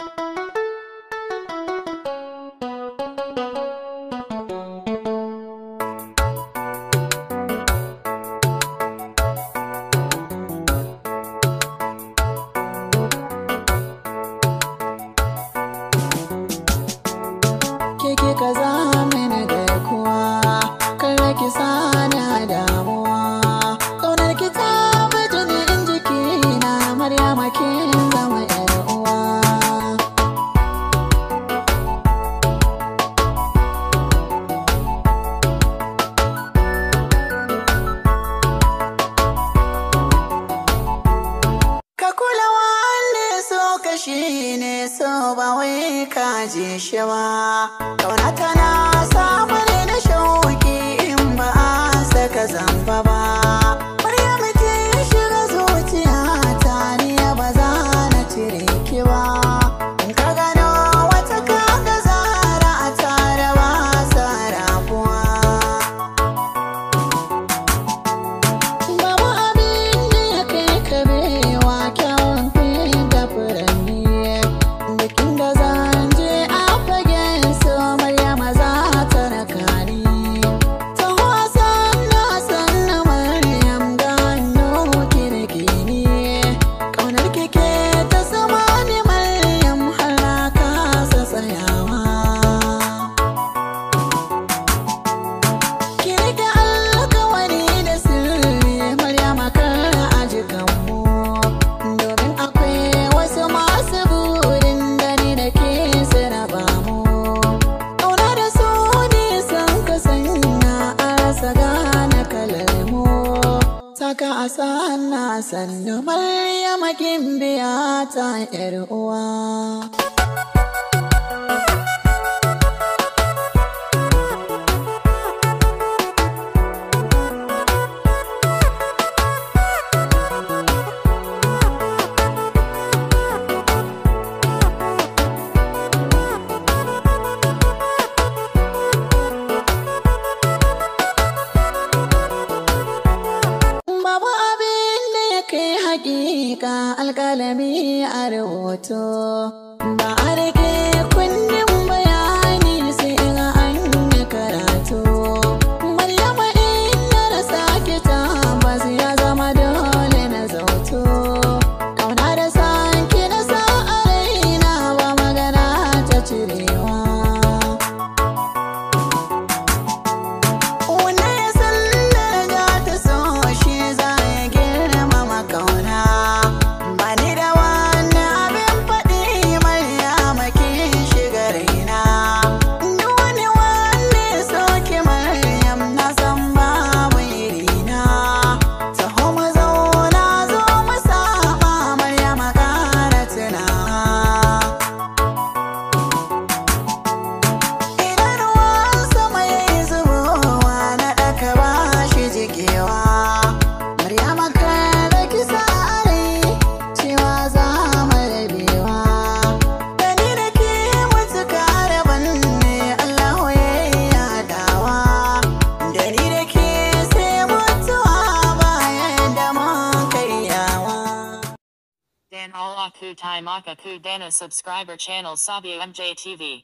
Thank you shi ne so ba wai ka ji shi ba. kauna tana samu. Saka asana sana sannu Maryama kin ta 'yar uwa. kalami a rubutu ba a rikin and all Aku Taimaka Ku Dana subscriber channel Sabio MJ TV.